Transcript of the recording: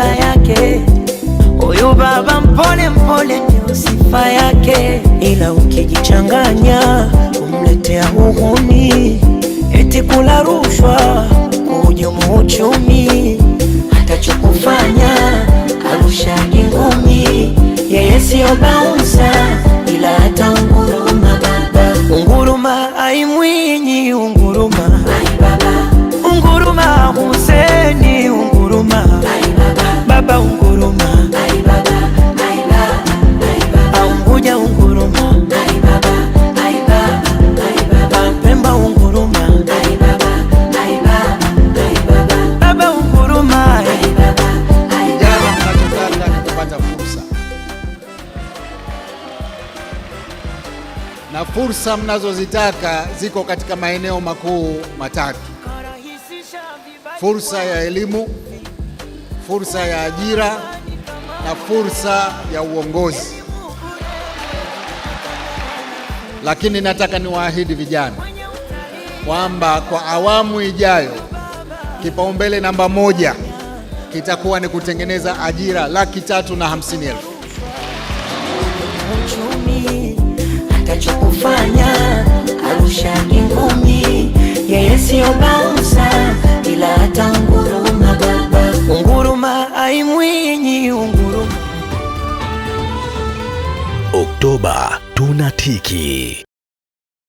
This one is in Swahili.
matunda yake. Huyu baba mpole mpole ndio sifa yake, ila ukijichanganya umletea uhuni, eti kula rushwa, kuhujumu uchumi, hatachokufanya arusha kingumi. Yeye siyo baunsa, ila hata unguruma baba, unguruma aimwinyi, unguruma na fursa mnazozitaka ziko katika maeneo makuu matatu: fursa ya elimu, fursa ya ajira na fursa ya uongozi. Lakini nataka niwaahidi vijana kwamba kwa awamu ijayo kipaumbele namba moja kitakuwa ni kutengeneza ajira laki tatu na hamsini elfu. bounce ila hata unguruma baba. Unguruma aimwinyi unguruma. Oktoba tunatiki.